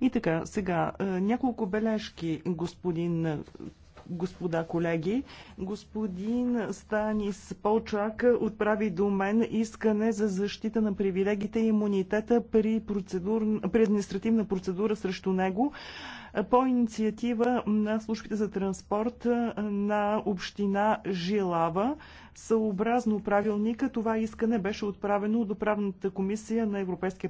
И така, сега е, няколко бележки, господин е, господа колеги. Господин Станис Полчак отправи до мен искане за защита на привилегите и имунитета при, процедур... при административна процедура срещу него е, по инициатива на службите за транспорт на община Жилава. Съобразно правилника това искане беше отправено до правната комисия на Европейския